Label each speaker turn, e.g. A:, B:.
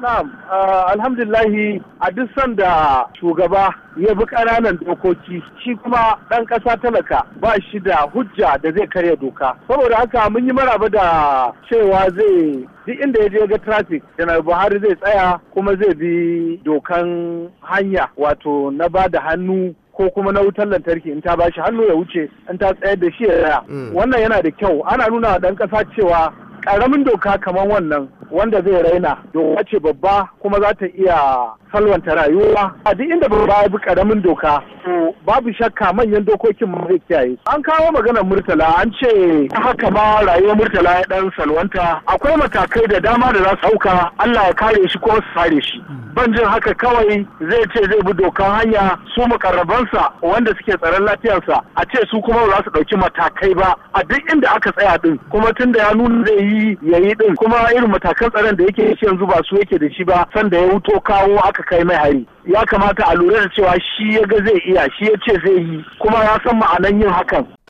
A: Na'am, uh, alhamdulillahi a duk sanda shugaba ya bi ƙananan dokoki shi kuma ɗan ƙasa talaka ba shi da hujja da zai karya doka. Saboda haka mun yi maraba da cewa zai duk inda ya je ga traffic janar Buhari zai tsaya kuma zai bi dokan hanya wato na ba da hannu ko kuma na wutar lantarki in ta bashi hannu ya wuce in ta tsayar da shi ya mm. Wannan yana da kyau ana nuna wa ɗan ƙasa cewa karamin doka kamar wannan wanda zai raina doka ce babba kuma za ta iya salwanta rayuwa a duk inda ba ya bi karamin doka to babu shakka manyan dokokin ma zai kiyaye an kawo maganar murtala an ce haka ma rayuwar murtala ya dan salwanta akwai matakai da dama da za su sauka Allah ya kare shi ko su kare shi ban jin haka kawai zai ce zai bi dokan hanya su mukarrabansa wanda suke tsaron lafiyarsa a ce su kuma ba za su ɗauki matakai ba a duk inda aka tsaya din kuma tunda ya nuna zai yi shi ya yi din kuma irin matakan tsaron da yake shi yanzu ba su yake da shi ba sanda ya wuto kawo aka kai mai hari ya kamata a lura da cewa shi ya ga zai iya shi ya ce zai yi kuma ya san ma'anan yin hakan